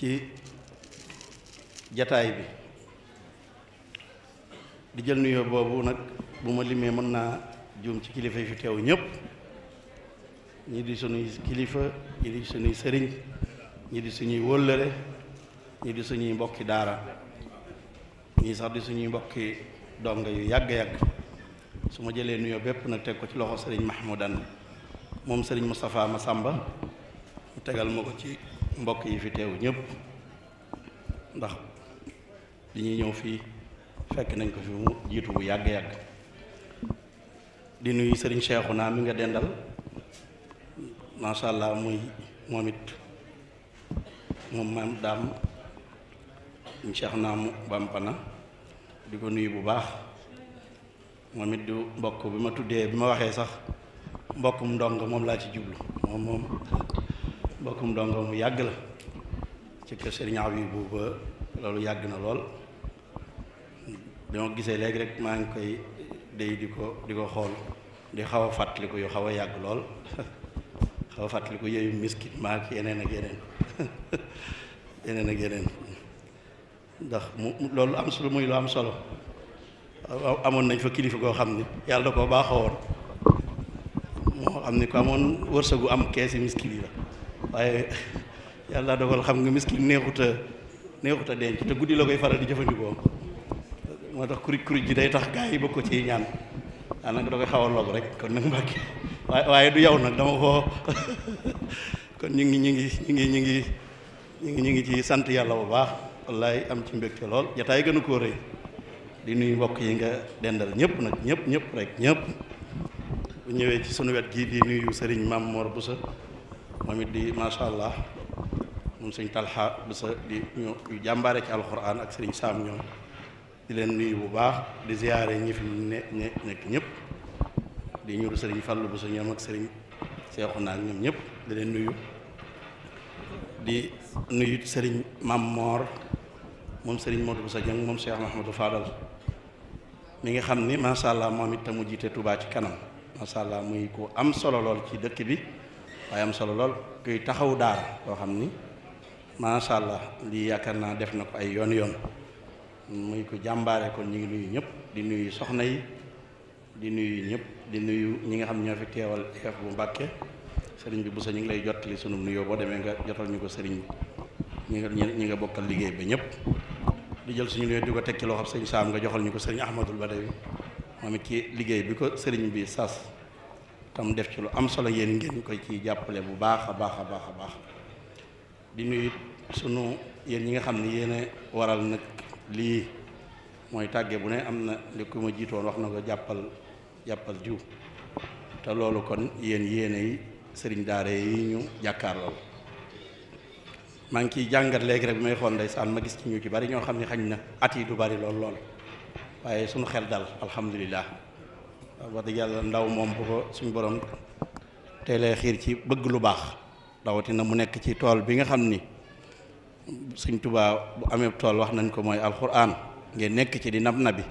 ci jataay bi di jël nuyoo boobu nag bu ma limee mën naa juum ci kilifa yi fi teew ñëpp ñi di suñuy kilifa ñi di suñuy sëriñ ñi di suñuy wóllëre ñi di suñuy mbokki daara ñii sax di suñuy mbokki donga yu yàgg-yàgg su ma jëlee nuyoo bépp nag teg ko ci loxo sëriñ Mahmoudan moom sëriñ Moustapha Massamba mu tegal ma ko ci mbokk yi fi teew ñëpp ndax li ñuy ñëw fii fekk nañ ko fi mu jiitu bu yàgg-yàgg di nuyu sëriñ Seexu naa mi nga dendal macha allah muy moom it moom maam daam sëriñ Seexu naa mu bàmpana di ko nuyu bu baax moom it du mbokk bi ma tuddee bi ma waxee sax mbokkum nga moom laa ci jublu moom moom bokkum dongo mu yàgg la ci kër sëriñ Abibu boobu loolu yàgg na lool bi ma gisee léegi rek maa ngi koy day di ko di ko xool di xaw a fàttaliku yu xaw a yàgg lool xaw a fàttaliku yooyu miskit maak yeneen ak yeneen yeneen ak yeneen ndax mu loolu am solo muy lu am solo amoon nañ fa kilifa goo xam ni yàlla koo baaxoo woon moo xam ni ko amoon wërsëgu am keesi miskit yi la waaye yàlla dogal xam nga miskil neexut a neexut a denc te guddi la koy faral di jëfandikoo moo tax kurij kurij ji day tax gaa yi bëgg ko ci ñaan ah nag da koy xaw a log rek kon nag mbàkki waaye waaye du yow nag dama ko kon ñu ngi ñu ngi ñu ngi ñu ngi ñu ngi ñu ngi ci sant yàlla bu baax wallaay am ci mbégte lool jataay gën a koo rëy di nuy mbokk yi nga dendal ñëpp nag ñëpp ñëpp rek ñëpp bu ñëwee ci sunu wet gii di nuyu Serigne mam Mor Boussa moom it di macha allah moom sëñ Talha Bousso jàmbaare ci alxuraan ak sëriñ Saam ñoom leen nuyu bu baax di ziyaare ñi fi ne nekk ñëpp di ñuru sëriñ Fallou Bousso ñoom ñoom ñëpp di leen nuyu di nuyu sëriñ Mam Moor moom sëriñ Modou Bousso Dieng moom Cheikh Mahamadou Fadal mi xam ni macha moom it te mu jiite tubaa ci kanam macha allah muy ko am solo lool ci dëkk bi. waaye am solo lool kuy taxaw daara koo xam ni macha allah lii yaakaar naa def na ko ay yoon yoon muy hmm, ko jàmbaare kon ñu ngi nuyu ñëpp di nuyu soxna yi di nuyu ñëpp di nuyu ñi nga xam ñoo fi teewal chef eh, bu Mbàkke sëriñ bi bu sa ñu ngi lay jottali sunu nuyoo boo demee nga jotal ñu ko sëriñ bi ñi nga ñi nga bokkal liggéey ba ñëpp di jël suñu nuyoo di ko tekki loo xam sëriñ Saam nga joxal ñu ko sëriñ Ahmadul Badawi moom ci liggéey bi ko sëriñ bi sas tam def ci lu am solo yen ngeen koy ci jappale bu baakha baakha baakha a baax di nuyu sunu yeen yi nga xamni ne waral nak li moy tagge bu ne am le ko ma jitton wax na nga jappal jappal jiw ta lolu kon yeen yéene yi serigne daare yi ñu jàkkaarloo maa ngi ciy jàngat léegi rek may xool ndaysan ma gis ci ñu ci bari ño xamni xagn na at yi du bari lool lool waye sunu xel dal alhamdullilah wax dëgg yàlla ndaw moom bu ko suñu borom tey lay xiir ci bëgg lu baax rawatina mu nekk ci tool bi nga xam ni suñ tubaa bu amee tool wax nañ ko mooy alxuraan ngeen nekk ci di nab nabi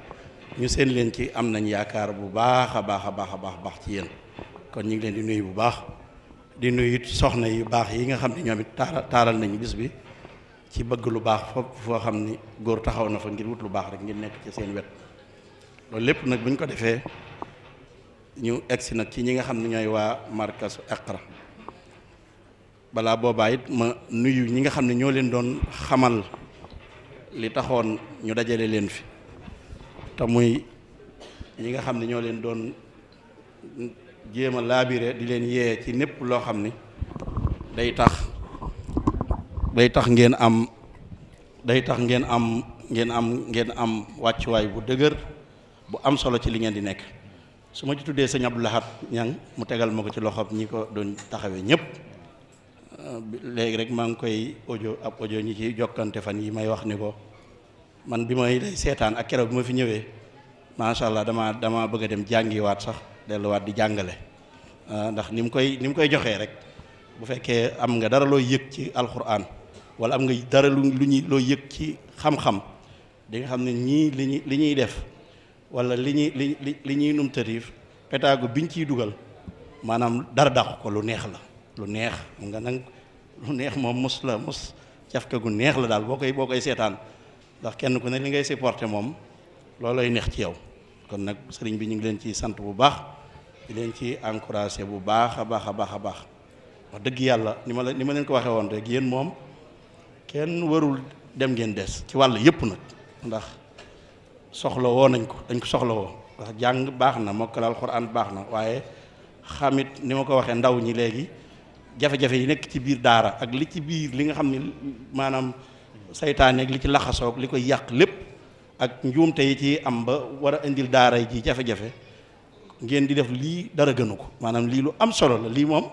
ñu seen leen ci am nañ yaakaar bu baax a baax a baax a baax baax ci yéen kon ñu ngi leen di nuyu bu baax di nuyu soxna yu baax yi nga xam ne ñoom it taara taaral nañu gis bi ci bëgg lu baax fopp foo xam ni góor taxaw na fa ngir wut lu baax rek ngir nekk ci seen wet ñu egsi nag ci ñi nga xam ne ñooy waa markasu Iqra balaa boobaa it ma nuyu ñi nga xam ne ñoo leen doon xamal li taxoon ñu dajale leen fi te muy ñi nga xam ne ñoo leen doon jéem a laabire di leen yee ci népp loo xam ne day tax day tax ngeen am day tax ngeen am ngeen am ngeen am wàccuwaay bu dëgër bu am solo ci li ngeen di nekk su ma ci tuddee sëñ Abdou Lahad ñang mu tegal ma ko ci loxoom ñi ko doon taxawee ñëpp euh, léegi rek maa ngi koy ojo ab ojo ñi ci jokkante fan yi may wax ni ko man bi may lay seetaan ak keroog bi ma fi ñëwee macha allah dama dama bëgg a dem jàngiwaat sax delluwaat di jàngale euh, ndax ni mu koy ni mu koy joxee rek bu fekkee am nga dara loo yëg ci alxuraan wala am nga dara lu lu ñuy looy yëg ci xam-xam di xam ne ñii li li ñuy def. wala li ñuy li li li ñuy num tëriif pétaagu biñ ciy dugal maanaam dara dàq ko lu neex la lu neex nga nag lu neex moom mos la mos cafka gu neex la daal boo koy boo koy seetaan ndax kenn ku ne li ngay supporté moom loolay neex ci yow kon nag sëriñ bi ñu ngi leen ci sant bu baax di leen ci encouragé bu baax a baax a baax a baax wax dëgg yàlla ni ma la ni ma leen ko waxee woon rek yéen moom kenn warul dem ngeen des ci wàll yëpp nag ndax soxla woo nañ ko dañ ko soxla woo jàng baax na mokkal alxuraan baax na waaye xamit ni ma ko waxee ndaw ñi léegi jafe-jafe yi nekk ci biir daara ak li ci biir li nga xam ni maanaam seytaaneek li ci laxasoog li ko yàq lépp ak njuumte yi ci am ba war a indil daara yi ci jafe-jafe ngeen di def lii dara gënu ko maanaam lii lu am solo la lii moom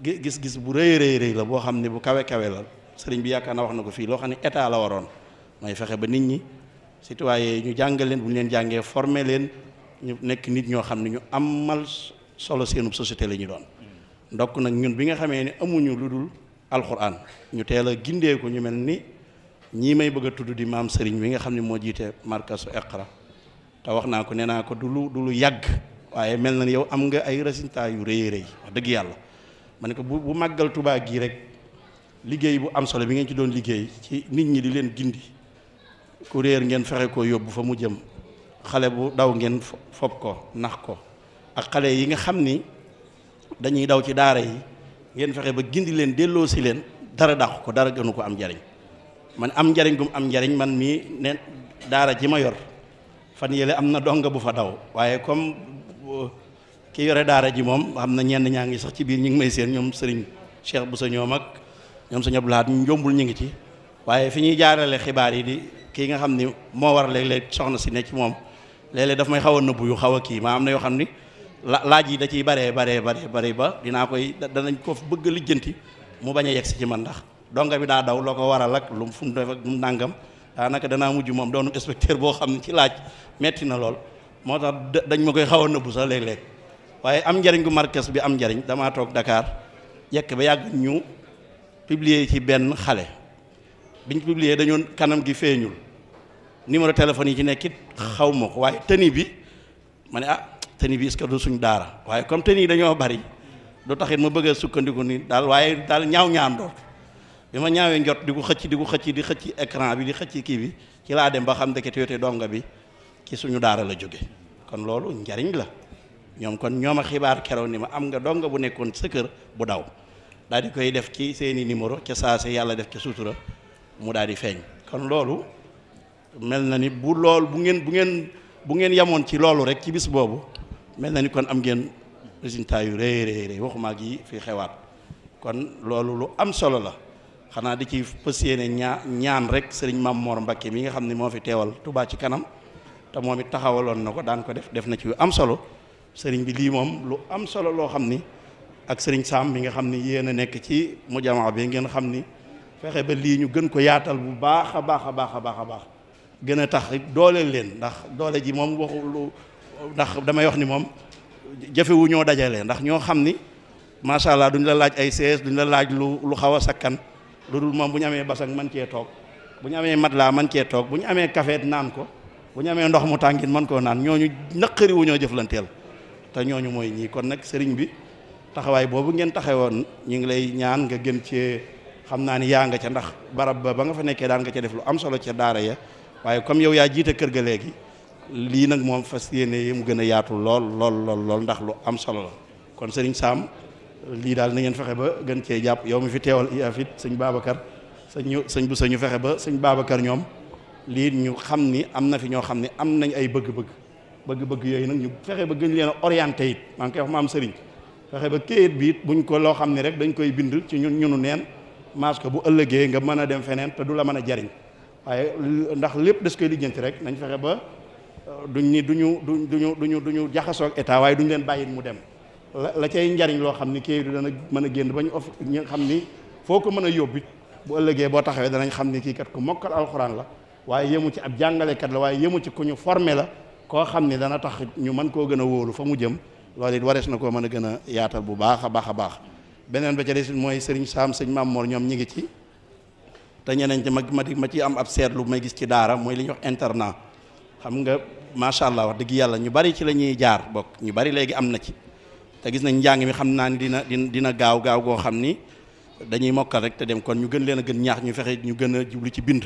gis-gis bu rëy rëy rëy la boo xam ne bu kawe kawe la sëriñ bi yaakaar na wax na ko fii loo xam ne état la waroon mooy fexe ba nit ñi citoyen ñu jàngaleen bu ñu leen jàngee former leen ñu nekk nit ñoo xam ne ñu amal solo seenub société lañu doon ndokk nag ñun bi nga xamee ne amuñu lu dul alxuraan ñu teel a ko ñu mel ni ñii may bëgg a tudd di maam Serigne bi nga xam ne moo jiite markasu Iqra te wax naa ko nee naa ko du lu du lu yàgg waaye mel na yow am nga ay résultats yu rëy rëy dëgg yàlla man ne ko bu bu màggal tubaab gii rek liggéey bu am solo bi nga ci doon liggéey ci nit ñi di leen gindi ku réer ngeen fexe ko yóbbu fa mu jëm xale bu daw ngeen fob ko nax ko ak xale yi nga xam ni dañuy daw ci daara yi ngeen fexe ba gindi leen delloo si leen dara dàq ko dara gënu ko am njariñ man am njariñ gum am njariñ man mii ne daara ji ma yor fan yële am na donga bu fa daw waaye comme euh, ki yore daara ji moom am na ñenn ñaa ngi sax ci biir ñu ngi may seen ñoom sëriñ Cheikh bu sa ñoom ak ñoom sa ñoom ñu njombul ñu ngi ci waaye fi ñuy jaarale xibaar kii nga xam ni moo war léeg-léeg soxna si ne ci moom léeg-léeg daf may xaw a nëbbu yu xaw a kii maa am na yoo xam ni la laaj yi da ciy baree baree baree bare ba dinaa koy danañ ko bëgg a lijjanti mu bañ a yegg si ci man ndax donga bi daa daw loo ko waral ak lu mu fu mu def ak mu nàngam daanaka danaa mujj moom doonu inspecteur boo xam ci laaj metti na lool moo tax dañ ma koy xaw a nëbbu sax léeg waaye am njariñ gu markes bi am njariñ damaa toog dakaar yekk ba yàgg ñu piblier ci benn xale biñ publier dañoo kanam gi feeñul numéro téléphone yi ci nekkit xaw ma ko waaye tenue bi ma ne ah tenue bi est-ce que du suñ daara waaye comme tenue dañoo bari du taxit ma bëgg sukkandiku ni daal waaye daal ñaaw ñaan doot bi ma ñaawee njot di ko xëcc di ko xëcc di xëcc écran bi di xëcc kii bi ci laa dem ba xam ndeke te donga bi ci suñu daara la jóge kon loolu njariñ la ñoom kon ñoom a xibaar keroog ni ma am nga donga bu nekkoon sa kër bu daw daal di koy def ci seeni numéro ca saase yàlla def ca sutura mu daal di mel na ni bu lool bu ngeen bu ngeen bu ngeen yamoon ci loolu rek ci bis boobu mel na ni kon am ngeen résultat yu rëy rëy rëy waxumaa gi fi xewaat kon loolu lu am solo la xanaa di ci fas yéene ñaan rek sëriñ Maam moor Mbakke mi nga xam ne moo fi teewal Touba ci kanam te moom it taxawaloon na ko daan ko def def na ci yu am solo sëriñ bi lii moom lu am solo loo xam ni ak sëriñ Sam mi nga xam ni yéen a nekk ci mu jamaa bi ngeen xam ni fexe ba lii ñu gën ko yaatal bu baax a baax a baax a baax a baax gëna a tax doole leen ndax doole ji moom waxu lu ndax dama wax ni moom wu ñoo dajale ndax ñoo xam ni macha allah duñ la laaj ay sees duñ la laaj lu lu xaw a sakkan lu dul moom bu ñu amee basang man cee toog bu ñu amee matelas man cee toog bu ñu amee café naan ko bu ñu amee ndox mu tàngin man koo naan ñooñu naqari wu ñoo jëflanteel te ñooñu mooy ñii kon nag sëriñ bi taxawaay boobu ngeen taxawoon ñi ngi lay ñaan nga gën cee xam naa ni yaa nga ca ndax barab ba ba nga fa nekkee daan nga ca def lu am solo ca daara ya waye comme yow ya jité kër ga légui li nak mom lol lol yi mu yaatu lol lol lol lol ndax lu am solo kon serigne Sam li dal na ngeen fexé ba gën ci japp yow mi fi teewal IAFIT serigne babakar serigne serigne bu serigne fexé ba serigne babakar ñom li ñu xamni ni fi ño xamni am nañ ay bëgg-bëgg bëgg-bëgg yoy nak ñu fexé ba gën leen orienté it man koy wax maam serigne fexé ba kayit bi buñ ko lo xamni rek dañ koy bind ci ñun ñunu neen masque bu ëllëgé nga mëna dem fenen té du la mëna waaye ndax lépp des koy lijjanti rek nañ fexe ba euh, duñ ni duñu duñ duñu duñu duñu jaxasoo ak état waaye duñ leen bàyyi mu dem la cay njariñ loo xam ni kii du dana mën a génn ba ñu of ñi xam ni foo ko mën a yóbbit bu ëllëgee boo taxawee danañ xam ni kii kat ku mokkal alxuraan la waaye yëmu ci ab jàngalekat la waaye yemu ci ku ñu formé la koo xam ni dana tax ñu mën koo gën a wóolu fa mu jëm loolu it warees na koo mën a gën a yaatal bu baax a baax a baax beneen ba ca des mooy sëriñ Saam sëñ Maam mool ñoom ñi ngi ci te ñeneen ci ma ma ci am ab seetlu may gis ci daara mooy li ñuy wax internat xam nga macha allah wax dëgg yàlla ñu bari ci la ñuy jaar bokk ñu bari léegi am na ci te gis nañ njàng mi xam naa ni dina dina gaaw gaaw goo xam ni dañuy mokkal rek te dem kon ñu gën leen a gën ñaax ñu fexe ñu gën a jublu ci bind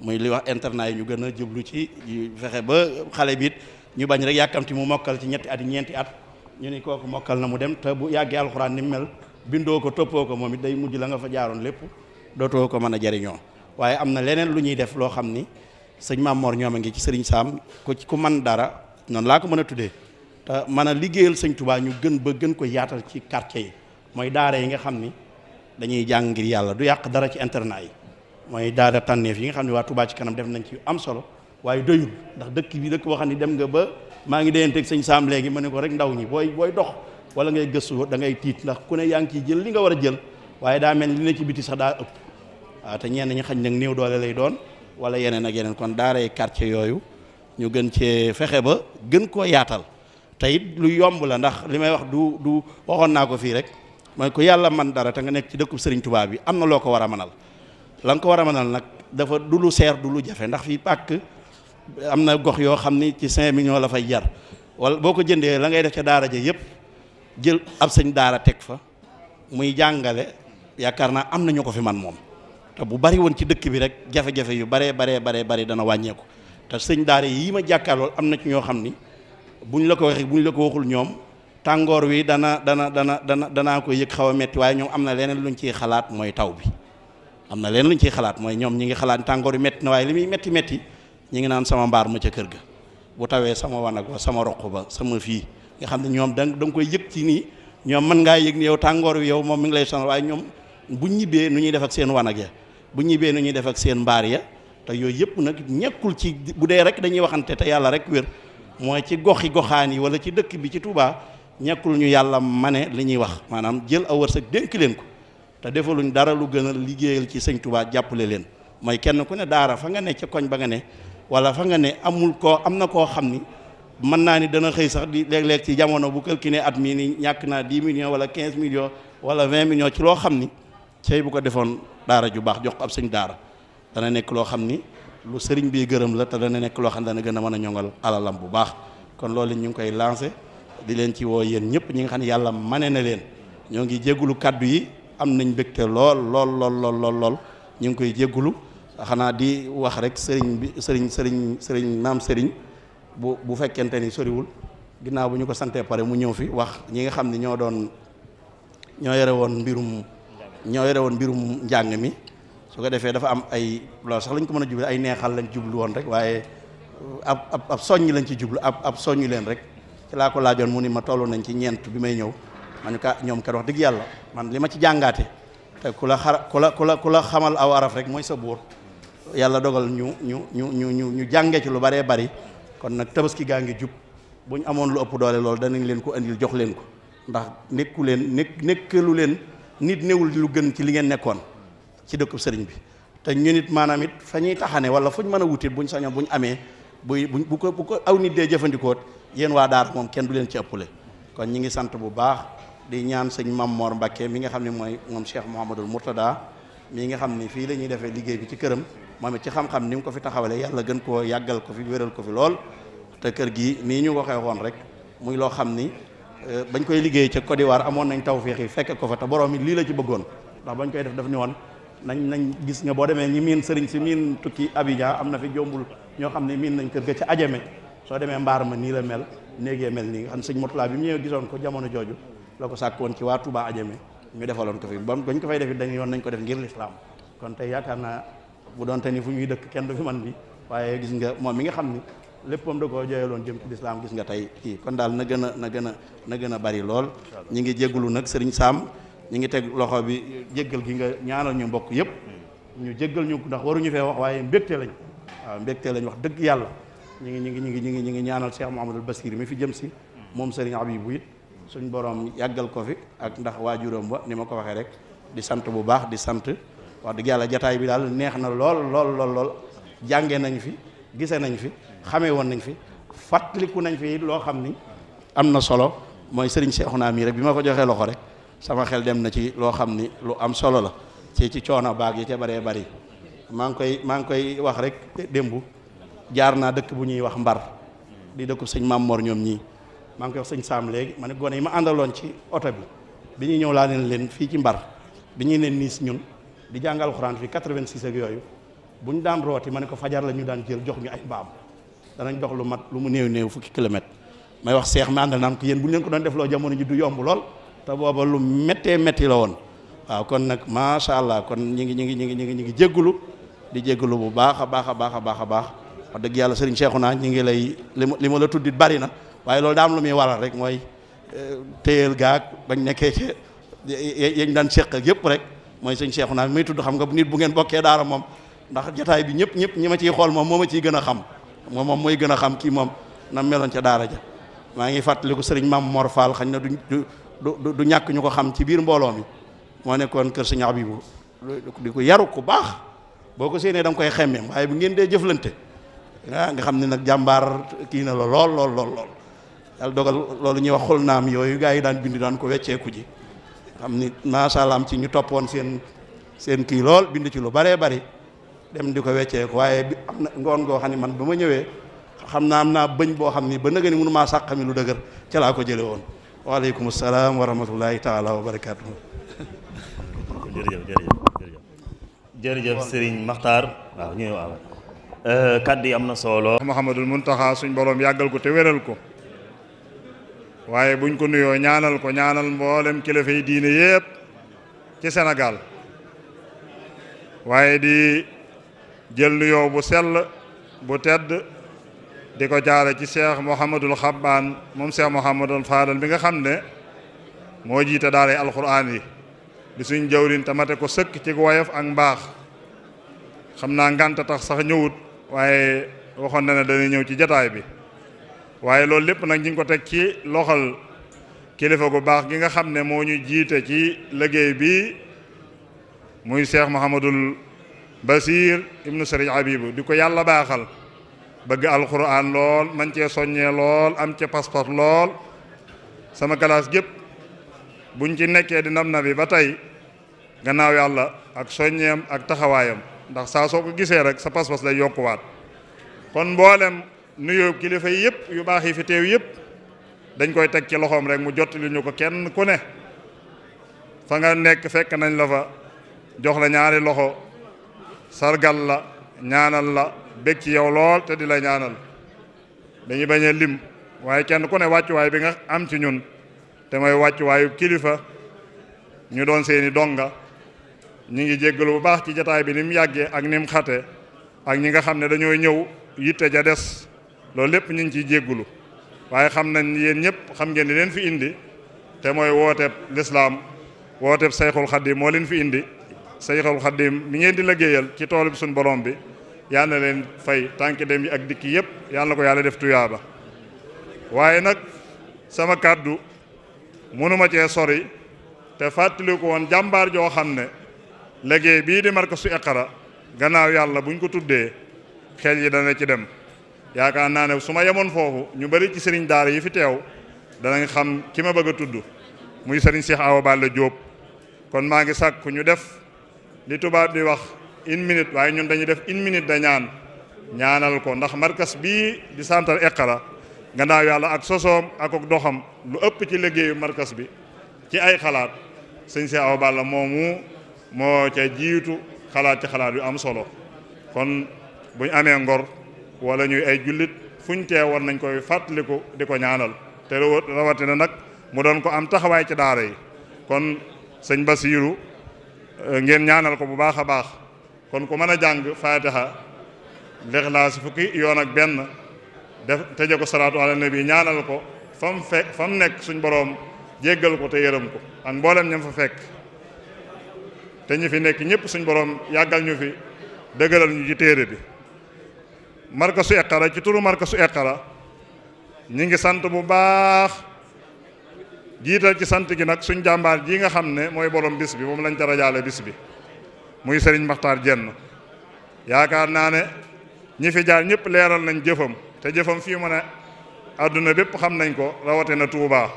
mooy li wax internat yi ñu gën a jublu ci fexe ba xale biit ñu bañ rek yàkkamti mu mokkal ci ñetti at ñeenti at ñu ni kooku mokkal na mu dem te bu yàggee alxuraan ni mel bindoo ko toppoo ko moom it day mujj la nga fa jaaroon lépp dootoo ko mën a jariñoo waaye am na leneen lu ñuy def loo xam ni sëñ Maam moor ñoom a ngi ci sëriñ Saam ku ku man dara noonu laa ko mën a tuddee te mën a liggéeyal sëñ Touba ñu gën ba gën ko yaatal ci quartier yi mooy daara yi nga xam ni dañuy jàng ngir yàlla du yàq dara ci internat yi mooy daara tànneef yi nga xam ne waa tubaa ci kanam def nañ ci am solo waaye doyul ndax dëkk bi dëkk boo xam ni dem nga ba maa ngi déyanteeg sëñ Saam léegi ma ne ko rek ndaw ñi booy booy dox wala ngay gëstu da ngay tiit ndax ku ne yaa ngi ciy jël li nga war a jël waaye daa ci biti sax daa Ah, te ñeen ñi xañ nag néew doole lay doon wala yeneen ak yeneen kon daaray quartier yooyu ñu gën cee fexe ba gën koo yaatal te lu yomb la ndax li may wax du du waxoon naa ko fii rek mooy ko yàlla man dara te nga nekk ci dëkku sëriñ Tuubaa bi am na loo ko war a manal la nga ko war a manal nag dafa du lu seer du lu jafe ndax fii pàkk am na gox yoo xam ni ci cinq millions la fay jar wala boo ko jëndee la ngay def ca daara ja yëpp jël ab sëñ daara teg fa muy jàngale yaakaar naa am na ko fi man moom te bu bari woon ci dëkk bi rek jafe-jafe yu baree baree baree bari dana wàññeeku te sëñ daara yii ma jàkkaarlool am na ci ñoo xam ni buñ la ko waxee buñ la ko waxul ñoom tàngoor wi dana dana dana dana danaa ko yëg xaw a metti waaye ñoom am na leneen luñ ciy xalaat taw bi am na leneen luñ ciy xalaat mooy ñoom ñi ngi xalaat tàngoor wi metti na waaye li muy metti metti ñi ngi naan mbaar ma ca kër ga bu tawee sama wanag sama roq ba sama fii nga xam ñoom da nga koy yëg ci nii ñoom mën ngaa yëg ni yow tàngoor wi yow moom mi ngi lay sonal waaye ñoom buñ ñibbee nu ñuy def ak seen wanag ya bu ñibbee nañuy def ak seen mbaar ya te yooyu yëpp nag ñekkul ci bu dee rek dañuy waxante te yàlla rek wér mooy ci goxi goxaan yi wala ci dëkk bi ci Touba ñekkul ñu yàlla ma ne li ñuy wax maanaam jël a war wërsëg dénk leen ko te defaluñ dara lu gën a liggéeyal ci sëñ Touba jàppale leen mooy kenn ku ne daara fa nga ne ci koñ ba nga ne wala fa nga ne amul koo am na koo xam ni mën naa ni dana xëy sax di léeg-léeg ci jamono bu kër ki ne at mii ni ñàkk naa 10 millions wala 15 millions wala 20 millions ci loo xam ni cey bu ko defoon daara ju baax jox ko ab sëñ daara dana nekk loo xam ni lu sëriñ bii gërëm la te dana nekk loo xam ne dana gën a mën a ñoŋal alalam bu baax kon loolu ñu ngi koy lancé di leen ci woo yéen ñëpp ñi nga xam ne yàlla mane na leen ñoo ngi jéggulu kàddu yi am nañ mbégte lool lool lool lool lool ñu ngi koy jéggulu xanaa di wax rek sëriñ bi sëriñ sëriñ sëriñ naam sëriñ bu bu fekkente ni soriwul ginnaaw bu ñu ko sante pare mu ñëw fi wax ñi nga xam ne ñoo doon ñoo yore woon mbirum ñoo yore birum mbirum mi su ko defé dafa am ay lo sax lañ ko mëna jublu ay neexal lañ jublu won rek waye uh, ab ab ab soññi lañ ci jublu ab ab soñu len rek ci la ko laajoon mu ni ma tollu nañ ci ñent bi may ñew ah, man ka ñom kër wax deug yalla man lima ci jàngaate te kula la kula kula la xamal aw araf rek moy sa bur yalla dogal ñu ñu ñu ñu ñu ñu jangé ci lu bare bari kon nak tabaski gaangi jub buñ amoon lu upp doole loolu danañ leen ko andil jox leen ko ndax nekku leen nekk leen nit newul lu gën ci li ngeen nekkoon ci dëkku sëriñ bi te ñu nit maanaam it fa ñuy taxane wala fuñ mën a wutit buñ bu ñu amee buy buñ bu ko bu ko aw nit dee jëfandikoo yéen waa daar moom kenn du leen ci ëppale kon ñi ngi sant bu baax di ñaan sëñ Mam Mor Mbakke mi nga xam ne mooy moom Cheikh Mouhamadul Mourtada mi nga xam ne fii la ñuy defee liggéey bi ci këram moom it ci xam-xam ni mu ko fi taxawalee yàlla gën koo yàggal ko fi wéral ko fi lool te kër gi nii ñu waxee woon rek muy loo xam ni Euh, bañ koy liggéey ca Côte d'Ivoire amoon nañ tawféex yi fekk ko fa te borom mi lii la ci bëggoon ndax bañ koy def daf ni woon nañ gis nga boo demee ñi miin sëriñ si miin tukki Abidjan am na fi jombul ñoo xam ne miin nañ kër ga ca ajame soo demee mbaar ma nii la mel néegee mel nii nga xam sëñ Motula bi mu ñëwee gisoon ko jamono jooju la ko sàkk woon ci waa Touba ajame ñu defaloon ko fi ba bañ ko fay def dañ yoon nañ ko def ngir lislaam kon tey yaakaar naa bu doonte ni ñuy dëkk kenn du fi man bi waaye gis nga moom mi nga xam ni léppam da koo jooyaloon jëm ci lislaam gis nga tey kii kon daal na gën a na gën a na gën a bari lool ñi ngi jéggulu nag sëriñ Saam ñi ngi teg loxo bi jéggal gi nga ñaanal ñu mbokk yëpp hmm. ñu jéggal ñu ndax waruñu fee wax waaye mbégte lañ waaw mbégte lañu wax dëgg yàlla ñi ngi ñi ngi ñi ngi ñi ngi ñi ngi ñaanal Cheikh Mouhamadul Basir mi fi jëm si hmm. moom sëriñ bu yit suñ boroom yàggal ko fi ak ndax waajuram ba ni ma ko waxee rek di sant bu baax di sant wax dëgg yàlla jataay bi daal neex na lool lool lool lool jànge nañ fi gise nañ fi xamee woon nañ fi fàttaliku nañ fi loo xam ni am na solo mooy sëriñ Seexuna mii rek bi ma ko joxee loxo rek sama xel dem na ci loo xam ni lu am solo la ci ci coono baag yi ca baree bari maa ngi koy maa ngi koy wax rek démb jaar naa dëkk bu ñuy wax mbar di dëkku sëñ Maam Mor ñoom ñii maa ngi koy wax sëñ Saam léegi ma ne gone yi ma àndaloon ci oto bi bi ñuy ñëw laa neen leen fii ci mbar bi ñuy leen niis ñun di jàngal xuraan fii 86 ak yooyu bu ñu daan yi ma ne ko fajar la ñu daan jël jox ñu ay mbaam danañ dox lu mat lu mu néew néew fukki kilomètre may wax seex mi àndal naan ko yéen bu ñu leen ko doon defloo jamono ji du yomb lool te booba lu méttee métti la woon waaw kon nag macha allah kon ñi ngi ñi ngi ñi ngi ñi ngi ñi ngi jéggulu di jéggulu bu baax a baax a baax a baax a baax wax dëgg yàlla sëriñ naa ñi ngi lay li ma la tuddit bari na waaye loolu daa am lu muy waral rek mooy euh, téyel gaag bañ nekkee ci yañ daan seq ak yëpp rek mooy sëñ Cheikhouna naa may tudd xam nga nit bu ngeen bokkee daara moom ndax jataay bi ñëpp ñëpp ñi ma ciy xool moom moo ma ciy gën a xam moom moom mooy gën a xam kii moom na meloon ca daara ja maa ngi fàttaliku sëriñ Maam Mor Fall xañ na du du ñàkk ñu ko xam ci biir mbooloo mi moo nekkoon kër sëñ Abibu di ko yaru ku baax boo ko séenee da nga koy xemmeem waaye bu ngeen dee jëflante ah nga xam ne nag jàmbaar kii na la lool lool lool lool dogal loolu ñuy wax xul naam yooyu gaa yi daan bind daan ko wecceeku ji xam ni macha allah ci ñu toppoon seen seen kii lool bind ci lu baree bari dem wéccé ko wayé amna ngon go na man ba ma xamna amna bëñ bo xamni ba nëga mënu ma saxami lu dëgër ci la ko won wa alaykum assalam wa rahmatullahi taala wa barakatuh jërëjëf jërëjëf jërëjëf sëriñ maktar wa ñëw wa euh, kaddu yi am solo Muhammadul muntaha suñ borom yagal ko te wéral ko waaye buñ ko nuyo ñaanal ko ñaanal mboolem kilifa diine yépp ci Sénégal waye di jël nuyoo bu sell bu tedd di ko jaare ci cheikh mouhamadul xabbaan moom cheikh mouhamadul faadal bi nga xam ne moo jiite daaray alquran yi di suñ jawrin tamate ko sëkk ci woyof ak mbaax xam naa ngànta tax sax ñëwut waaye waxoon na ne dana ñëw ci jataay bi waaye loolu lépp nag ñu ngi ko teg ci loxol kilifa gu baax gi nga xam ne moo ñu jiite ci liggéey bi muy cheikh mouhamadul Basiir ibnu Sëriñ Abibu di ko yàlla baaxal bëgg alxuraan lool man cee soññee lool am ca passeport lool sama kalaas gépp buñ ci nekkee di na bi ba tey gannaaw yàlla ak soññeem ak taxawaayam ndax saa soo ko gisee rek sa pas-pas lay yokkuwaat kon mboolem nuyoo kilifa yi yëpp yu baax yi fi teew yëpp dañ koy teg ci loxoom rek mu jottali ko kenn ku ne fa nga nekk fekk nañ la fa jox la ñaari loxo sargal la ñaanal la bég ci yow lool te di la ñaanal dañuy bañ lim waaye kenn ku ne wàccuwaay bi nga am ci ñun te mooy wàccuwaayu kilifa ñu doon seeni donga ñi ngi jéggalu bu baax ci jataay bi ni mu yàggee ak ni mu xate ak ñi nga xam ne dañoo ñëw yitte ja des loolu lépp ñu ngi ciy jéggulu waaye xam na yéen ñëpp xam ngeen di leen fi indi te mooy wooteeb lislaam wooteeb sayxul xaddi moo leen fi indi sa Seyxul Xaddim mu ngeen di liggéeyal ci tool bi suñu borom bi yal na leen fay tànk dem yi ak dikk yëpp yal na ko yàlla def tuyaaba waaye nag sama kàddu mënuma cee sori te fàttali ko woon jàmbaar joo xam ne liggéey bii di markasu Iqra gannaaw yàlla buñ ko tuddee xeel yi dana ci dem yaakaar naa ne su ma yemoon foofu ñu bari ci sëriñ daara yi fi teew danañ xam ki ma bëgg tudd muy sëriñ Cheikh Awa Balla Diop kon maa ngi sàkku ñu def li tubaab di wax une minute waaye ñun dañuy def une minute da ñaan ñaanal ko ndax markas bi di santal Iqra gannaaw yàlla ak sosoom ak ak doxam lu ëpp ci liggéeyu markas bi ci ay xalaat sëñ si aw Balla moomu moo ca jiitu xalaat ci xalaat yu am solo kon buñ amee ngor wala ñuy ay jullit fuñ te war nañ koy fàttaliku di ko ñaanal te rawatina nag mu doon ko am taxawaay ci daara yi kon sëñ Basiiru Euh, ngeen ñaanal ko bu baax a baax kon ku mën a jàng fatiha lixlaas fukki yoon ak benn def tëje ko salaatu ala bii ñaanal ko fa fekk fa mu nekk suñ boroom jéggal ko te yërëm ko ak mboolem ñam fa fekk te ñu fi nekk ñëpp suñ boroom yàggal ñu fi dëgëral ñu ci téere bi markasu Iqra ci turu markasu Iqra ñi ngi sant bu baax jiital ci sant gi nag suñ jàmbaar jii nga xam ne mooy borom bis bi moom lañ tara rajaale bis bi muy sëriñ Maxtaar Jenn yaakaar naa ne ñi fi jaar ñëpp leeral nañ jëfam te jëfam fii mu ne àdduna bépp xam nañ ko rawatina Touba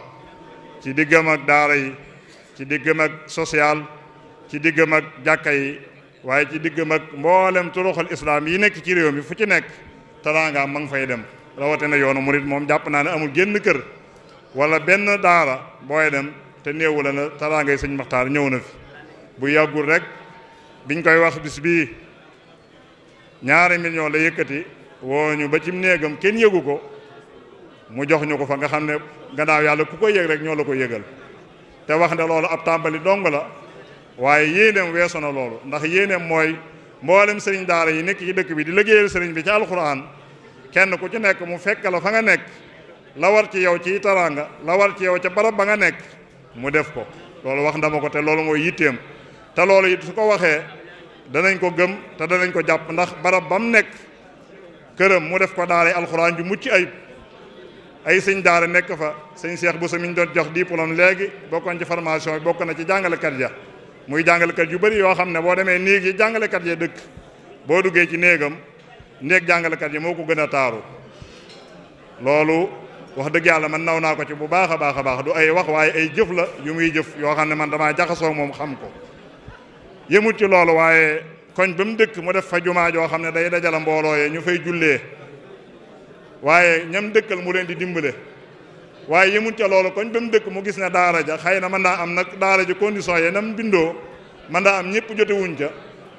ci diggam ak daara yi ci diggam ak social ci diggam ak jàkka yi waaye ci diggam ak mboolem turuxal islaam yi nekk ci réew mi fu ci nekk teraangaam ma ngi fay dem rawatina yoonu murit moom jàpp naa ne amul génn kër wala benn daara booy dem te néewu la na taraangay sëñ Maxtaar ñëw na fi bu yàggul rek biñ koy wax bis bii ñaari million la yëkkati woo ñu ba ci néegam kenn yëgu ko mu jox ñu ko fa nga xam ne gannaaw yàlla ku ko yëg rek ñoo la ko yëgal te wax ne loolu ab tàmbali dong la waaye yéeneem weesu na loolu ndax yéeneem mooy mboolem sëriñ daara yi nekk ci dëkk bi di liggéeyal sëriñ bi ci alxuraan kenn ku ci nekk mu fekk la fa nga nekk la war ci yow ci taraanga la war ci yow ca barab ba nga nekk mu def ko loolu wax ndama ko te loolu mooy yitteem te loolu it su ko waxee danañ ko gëm te danañ ko jàpp ndax barab ba mu nekk këram mu def ko daaray alxuraan ju mucc ayib ay sëñ daara nekk fa sëñ Cheikh sa mi ñu doon jox diplôme léegi bokkoon ci formation bokk na ci jàngalekat ja muy jàngalekat yu bari yoo xam ne boo demee néeg yi jàngalekat ya dëkk boo duggee ci néegam néeg jàngalekat yi moo ko gën a taaru wax dëgg yàlla man naw naa ko ci bu baax a baax a baax du ay wax waaye ay jëf la yu muy jëf yoo xam ne man damaa jaxasoo moom xam ko yëmut ci loolu waaye koñ ba mu dëkk mu def fa joo xam ne day dajala mbooloo yee ñu fay jullee waaye ñam dëkkal mu leen di dimbale waaye yëmut ca loolu koñ ba mu dëkk gis ne daara ja xëy na man daa am nag daara ji condition yee nam bindoo man naa am ñëpp jotewuñ ca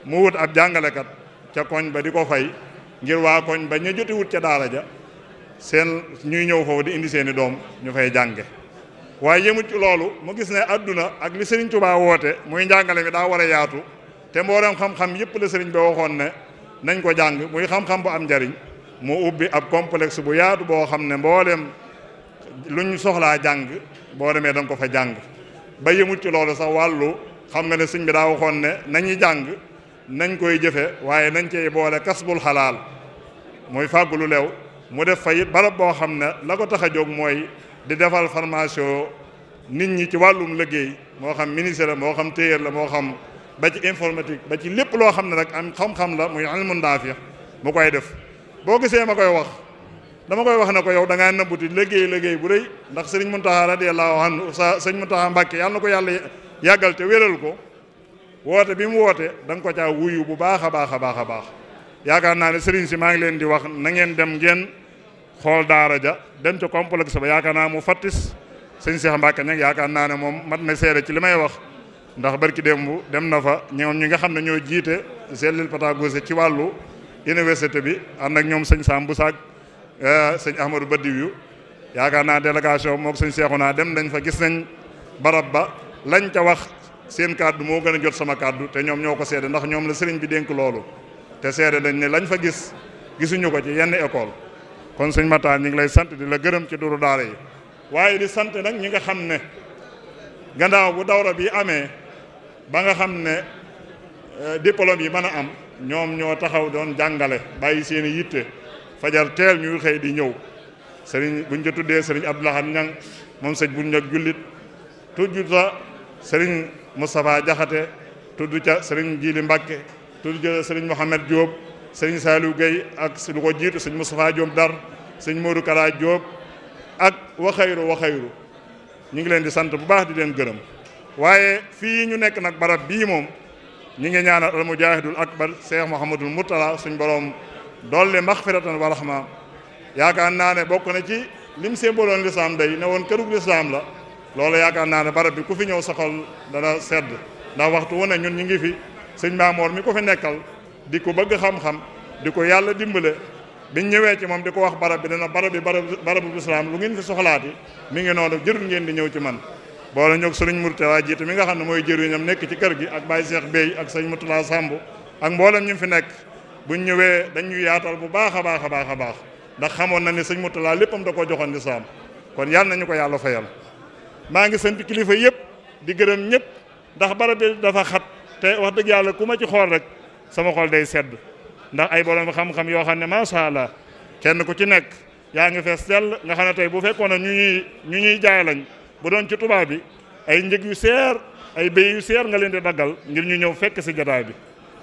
mu wut ab jàngalekat ca koñ ba di ko fay ngir waa koñ ba ña jotewut ca daara ja seen ñuy ñëw foofu di indi seen i doom ñu fay jànge waaye yemut ci loolu mu gis ne àdduna ak li Serigne Touba woote muy jàngale mi daa war a yaatu te mboolem xam-xam yëpp la Serigne bi waxoon ne nañ ko jàng muy xam bu am njariñ mu ubbi ab complexe bu yaatu boo xam ne mboolem luñ soxlaa jàng boo demee da ko fa jàng ba yemut ci loolu sax wàllu xam nga ne sëñ bi daa waxoon ne nañuy jàng nañ koy jëfe waaye nañ cey boole kasbul xalaal muy lu lew mu def fa it barab boo xam ne la ko tax a jóg mooy di defal formation nit ñi ci wàllum liggéey moo xam ministère la moo xam téyeer la moo xam ba ci informatique ba ci lépp loo xam ne rek am xam-xam la muy ilmu naafi mu koy def boo gisee ma koy wax dama koy wax ne ko yow da ngaa nëbbuti léggéey liggéey bu rëy ndax sëriñ Muntaxa radiyallahu anhu sa sëriñ Muntaxa Mbàkke yàlla na ko yàlla yàggal te wéral ko woote bi mu woote da ko caa wuyu bu baax a baax a baax a baax yaakaar naa ne sëriñ si maa ngi leen di wax na ngeen dem ngeen xool daara ja dem ci complexe ba yaakaar naa mu fatis sëñ Cheikh Mbacke nag yaakaar naa ne moom mat na seere ci li may wax ndax barki démb dem na fa ñoom ñi nga xam ne ñoo jiite sellil patagose ci wàllu université bi ànd ak ñoom sëñ Samb Saak eh, sëñ Ahmadou Badiou yu yaakaar naa délégation moog sëñ Seexu naa dem nañ fa gis nañ barab ba lañ ca wax seen kàddu moo gën jot sama kàddu te ñoom ñoo ko seede ndax ñoom la sëriñ bi dénk loolu te seede dañ ne lañ fa gis gisuñu ko ci yenn école kon sëñ mataan ñi ngi lay sant di la gërëm ci duru daara yi waaye di sant nag ñi nga xam ne gannaaw bu dawra bi amee ba nga xam ne euh, diplôme yi mën a am ñoom ñoo taxaw doon jàngale bàyyi seen i yitte fajar teel ñuy xëy di ñëw sëriñ buñ ca tuddee sëriñ Abdoulahad Ñang moom sëñ buñ ñog jullit tudd ca sëriñ Moustapha Jaxate tudd ca sëriñ Jili Mbàkke tudd jël sëriñ Mouhamed Diop sëriñ Saliou Gueye ak lu ko jiitu sëñ Moustapha Diop Dar sëñ mooru Kara Diop ak waxayru waxayru ñu ngi leen di sant bu baax di leen gërëm waaye fii ñu nekk nag barab bii moom ñu ngi ñaanal al mujahidul akbar Cheikh Mouhamadul Mourtala suñ boroom dool borom doole maxfiratan wa rahma yaakaar naa ne bokk na ci lim sémboloon lislaam day ne woon kërug lislaam la loolu yaakaar naa ne barab bi ku fi ñëw sa xol dana sedd ndax waxtu sëñ Maamoor mi ko fi nekkal di ko bëgg xam-xam di ko yàlla dimbale biñ ñëwee ci moom di ko wax barab bi dana barab bi barabu lislaam lu ngeen fi soxlaati mi ngi noonu jërul ngeen di ñëw ci man boole ñoog sëriñ Mourtala jiite mi nga xam ne mooy jëriñam nekk ci kër gi ak Baye Cheikh Bey ak sëñ Moutala Samb ak mboolem ñu fi nekk buñ ñëwee dañu yaatal bu baax a baax a baax a baax ndax xamoon na ne sëñ Moutala léppam da koo joxoon lislaam kon yàlla nañu ko yàlla fayal maa ngi sant kilifa yëpp di gërëm ñëpp ndax barab bi dafa xat te wax dëgg yàlla ku ma ci xool rek sama xool day sedd ndax ay borom xam-xam yoo xam ne macha allah kenn ku ci nekk yaa ngi fees dell nga xam ne tey bu fekkoon ne ñu ñuy ñu ñuy jaay lañ bu doon ci tubaab bi ay njëg yu seer ay béy yu seer nga leen di daggal ngir ñu ñëw fekk si jataay bi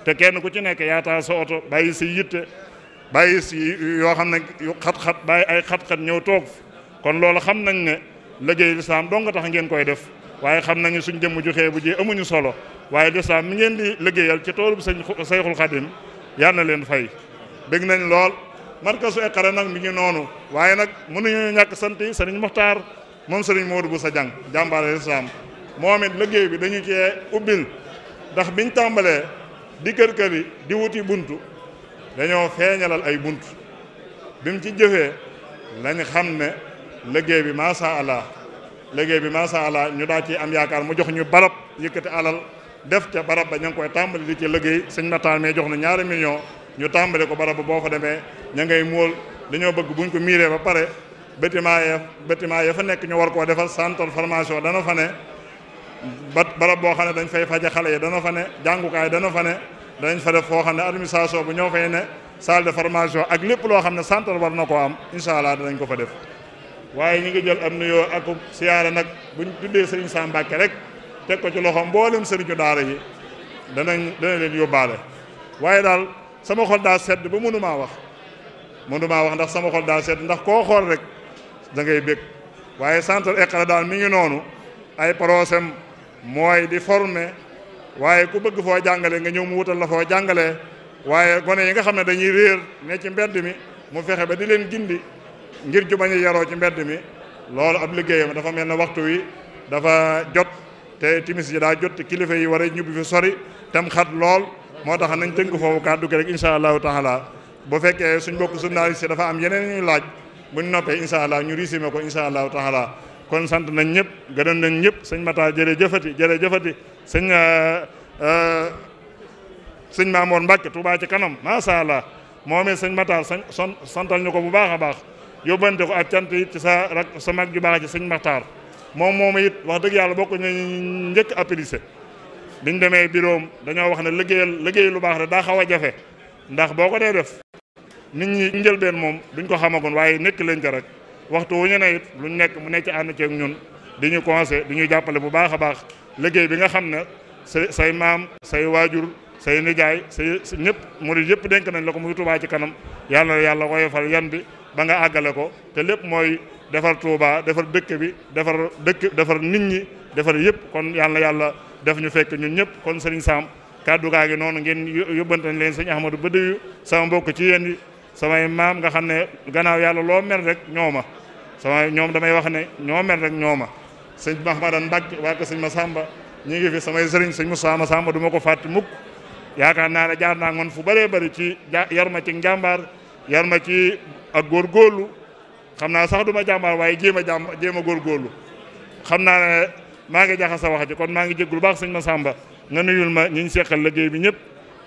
te kenn ku ci nekk yaataa sa oto bàyyi si yitte bàyyi si yoo xam ne yu xat-xat bàyyi ay xat-xat ñëw toog kon loolu xam nañ ne liggéey lislaam dong nga tax ngeen koy def waaye xam nañu suñ jëmm ju xeebu ji amuñu solo waaye lislaam mu ngeen di liggéeyal ci toolu sëñ Sayxul Xadim yal na leen fay bég nañ lool markasu Iqra nag mi ngi noonu waaye nag mënuñu ñàkk sant yi sëriñ Muxtaar moom sëriñ Moodu bu sa jàng jàmbaare lislaam moom it liggéey bi dañu cee ubbil ndax biñ tàmbalee di kër kër yi di wuti buntu dañoo feeñalal ay bunt bi mu ci jëfee lañ xam ne liggéey bi macha allah liggéey bi macha allah ñu daal ci am yaakaar mu jox ñu barab yëkkati alal def ca barab ba ña ngi koy tàmbali di ci liggéey sëñ Mataan mais jox na ñaari million ñu tàmbali ko barab ba boo fa demee ñangay ngay dañoo bëgg buñ ko miiree ba pare bâtiment ya bâtiment fa nekk ñu war koo defal centre formation dana fa ne ba barab boo xam ne dañ fay faje xale yi dana fa ne jàngukaay dana fa ne danañ fa def foo xam ne administration bu ñoo fay ne salle de formation ak lépp loo xam ne centre war na ko am incha allah danañ ko fa def waaye ñu ngi jël am nuyoo ak siyaare nag buñ tuddee Sëriñ rek teg ko ci loxo mboolem sëriñu daara yi dana danañ leen yóbbaale waaye daal sama xol daa sedd ba mënumaa wax mënumaa wax ndax sama xol daa sedd ndax koo xool rek da ngay bég waaye centre Iqra daal mi ngi noonu ay prosem mooy di former waaye ku bëgg foo jàngale nga ñëw mu wutal la foo jàngale waaye gone yi nga xam ne dañuy réer ne ci mbedd mi mu fexe ba di leen gindi ngir ju bañ yaroo ci mbedd mi loolu ab liggéeyam dafa mel ne waxtu wi dafa jot te timis ji daa jot kilifa yi war a ñubbi fi sori tam xat lool moo tax nañ tënk foofu kàddu gi rek incha allahu taala bu fekkee suñ bokk journaliste si dafa am yeneen ñuy laaj buñ noppee incha allah ñu résumé ko incha allahu taala kon sant nañ ñëpp gërëm nañ ñëpp sëñ Mata jërë jëfati jërë jëfati sëñ euh, euh, sëñ Maamoor Mbàkke Tuubaa ci kanam macha allah moomee sëñ Mata sañ son santal ñu ko bu baax a baax yóbbante ko ak cant yi ci sa rak sa mag ju baax ci sëñ Maxtaar moom moom it wax dëgg yàlla bokk nañ njëkk bi ñu demee bureau dañoo wax ne liggéeyal liggéey lu baax rek daa xaw a jafe ndax boo ko dee def nit ñi njëlbeen moom duñ ko xamagoon waaye nekk leen ca rek waxtu wu ñu ne it ñu nekk mu nekk ci ànd ceeg ñun di ñu conseil di ñu jàppale bu baax a baax liggéey bi nga xam ne say say maam say waajur say nijaay say ñëpp murid yëpp dénk nañ la ko muy Tuubaa ci kanam yàlla yàlla woyofal yan bi ba nga àggale ko te lépp mooy. defar Touba defar dekk bi defar dekk defar nit ñi defar yépp kon yalla yalla def ñu fekk ñun ñëpp kon serigne Sam kaddu gaa gi noonu ngeen yóbbante len serigne Ahmadou Badawi sama mbokk ci yeen sama imam nga xamne gannaaw yalla lo mer rek ñoma sama ñom damay wax ne ño mer rek ñoma serigne Mahmadan Mbacke wa ko serigne Massamba ñi ngi fi sama serigne serigne Moussa Massamba du ma ko fatte mukk yaaka naa ne jaar na ngon fu bare bare ci yarma ci njambar yarma ci ak góorgóorlu xam naa sax du ma jàmbaar waaye jéem a jàmb jéem a góorgóorlu xam naa maa ngi jaxa sa wax ji kon maa ngi jéglu baax sëñ ma sàmba nga nuyul ma ñi ñu seqal liggéey bi ñëpp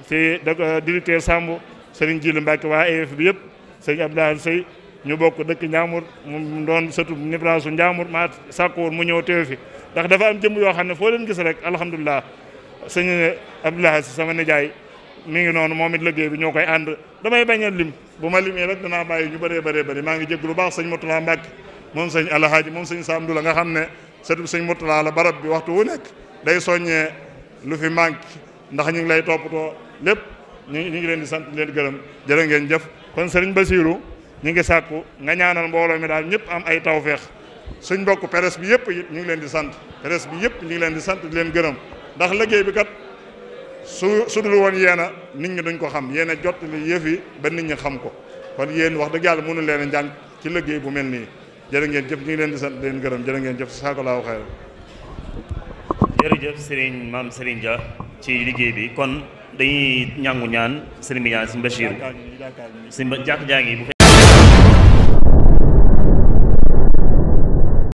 si euh, Samb sëriñ Jilu Mbàkke waa AF bi yëpp sëñ Abdoulaye Sey ñu bokk dëkk Njaamur mu doon surtout nibraasu Njaamur ma sàkku woon mu ñëw teew fi ndax dafa am jëmm yoo xam ne foo leen gis rek alhamdulilah sëñ Abdoulaye sama nijaay mi ngi noonu moom it liggéey bi ñoo koy ànd damay bañ lim bu ma limee rek danaa bàyyi ñu bëree bëree bari maa ngi jégg lu baax sëñ Moutala Mbacke moom sëñ Alhaaji sañ sëñ Samdu la nga xam ne sëtu sëñ Moutala la barab bi waxtu wu nekk day soññee lu fi manque ndax ñu ngi lay toppatoo lépp ñu ñu ngi leen di sant leen gërëm jërë ngeen jëf kon sëriñ Basiiru ñu ngi sàkku nga ñaanal mbooloo mi daal ñëpp am ay tawfeex suñ bokk presse bi yëpp it ñu ngi leen di sant presse bi yëpp ñu ngi leen di sant di leen gërëm ndax liggéey bi kat su su dul woon yéen a nit ñi duñ ko xam yéen a jot li yëf yi ba nit ñi xam ko kon yéen wax dëgg yàlla mënu leen a njàng ci liggéey bu mel nii jërë ngeen jëf ñi ngi leen di sa di leen gërëm jërë ngeen jëf saako laaw xayr jërëjëf Serigne maam Serigne Dia ci liggéey bi kon dañuy ñàngu ñaan Serigne bi ñaan Serigne Bachir Serigne jàkk jaa ngi